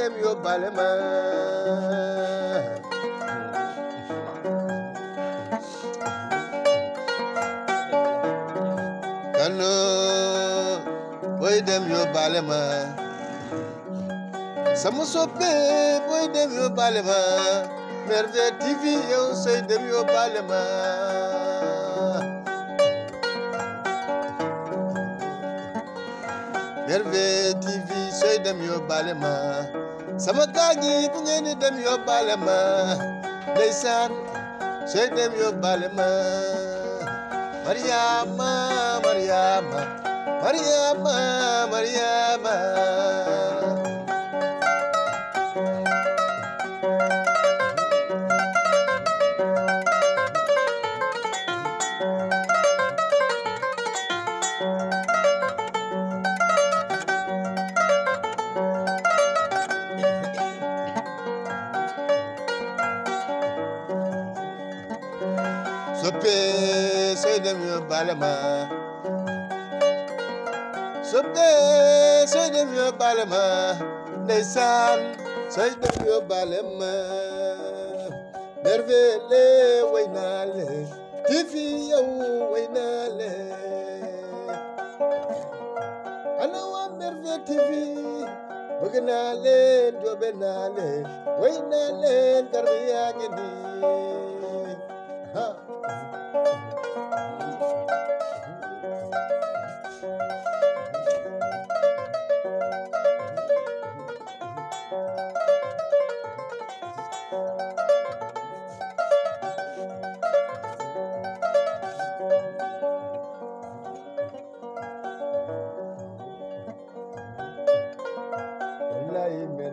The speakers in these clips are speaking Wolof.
dem yo balema kano boy dem yo balema sama soppe boy dem yo balema Merveille TV yow say dem yo balema Merveille TV say dem yo balema sama gaa ñi bu ngeen di dem yóbbaale ma ndeysaan sooy şey dem yóbbaale ma Mariama Mariama Mariama Mariama soppe seydem yo balema soppe seydem yo balema ndeysaan seydem yo balema merveille way naa le ci fi yow way naa le ana waa merveille ci fi bëgg naa leen joobe naa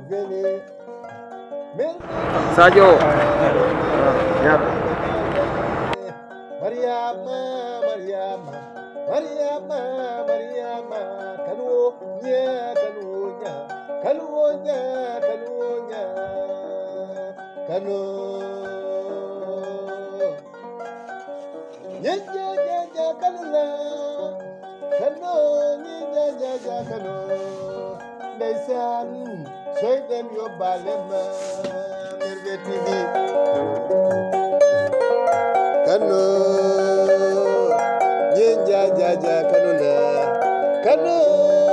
Sajo. Ya. kanu. kanu, ndeysaan sooy dem yóbbaale ma Merveille TV kano ñi njaajaja kano la kano